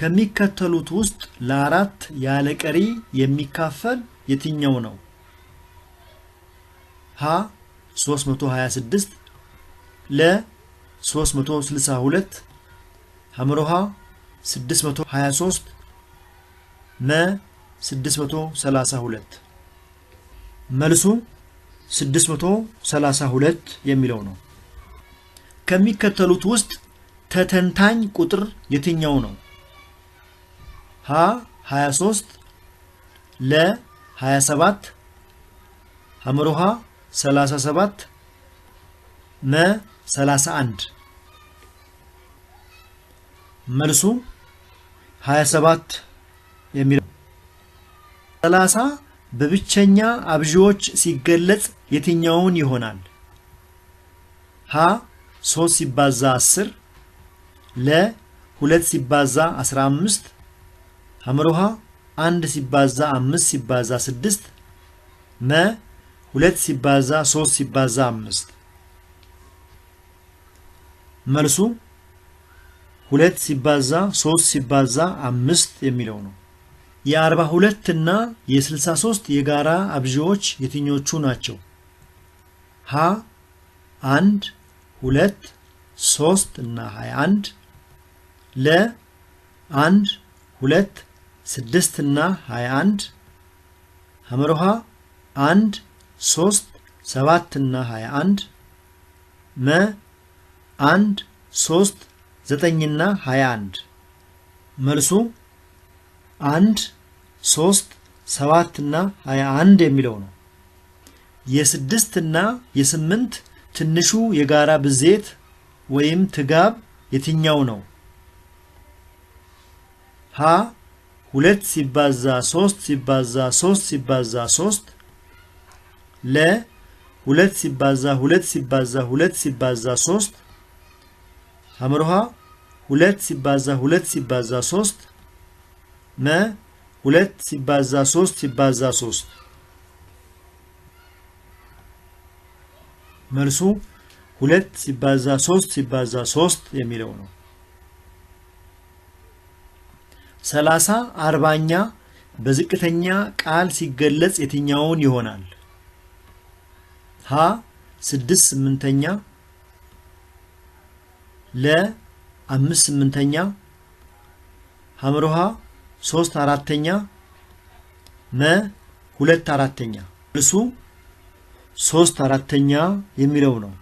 ከሚከተሉት ውስጥ ለአራት ያለ ቀሪ የሚካፈል የትኛው ነው? ሀ 326 ለ 362 ሐምሮሃ 623 መ 632 መልሱ 632 የሚለው ነው። ከሚከተሉት ውስጥ ተተንታኝ ቁጥር የትኛው ነው? ሀ 23 ለ 27 ሐመሮሃ 37 መ 31 መልሱ 27 የሚለው 30 በብቸኛ አብዢዎች ሲገለጽ የትኛውን ይሆናል? ሀ 3 ሲባዛ 10 ለ 2 ሲባዛ 15 ሀምሮሃ አንድ ሲባዛ አምስት ሲባዛ ስድስት መ ሁለት ሲባዛ ሶስት ሲባዛ አምስት መልሱ ሁለት ሲባዛ ሶስት ሲባዛ አምስት የሚለው ነው። የአርባ ሁለት እና የስልሳ ሶስት የጋራ አብዢዎች የትኞቹ ናቸው? ሀ አንድ ሁለት ሶስት እና ሀያ አንድ ለ አንድ ሁለት ስድስት እና አንድ ሐመርሃ አንድ ሶስት ሰባት እና 21 መ አንድ ሶስት ዘጠኝና 21 መልሱ አንድ ሶስት ሰባት ሀያ አንድ የሚለው ነው። የስድስት እና የስምንት ትንሹ የጋራ ብዜት ወይም ትጋብ የትኛው ነው? ሀ ሁለት ሲባዛ ሶስት ሲባዛ ሶስት ሲባዛ ሶስት ለ ሁለት ሲባዛ ሁለት ሲባዛ ሁለት ሲባዛ ሶስት ሀምሮሃ ሁለት ሲባዛ ሁለት ሲባዛ ሶስት መ ሁለት ሲባዛ ሶስት ሲባዛ ሶስት መልሱ ሁለት ሲባዛ ሶስት ሲባዛ ሶስት የሚለው ነው። ሰላሳ አርባኛ በዝቅተኛ ቃል ሲገለጽ የትኛውን ይሆናል? ሀ ስድስት ስምንተኛ ለ አምስት ስምንተኛ ሐምሮሃ ሶስት አራተኛ መ ሁለት አራተኛ እሱ ሶስት አራተኛ የሚለው ነው።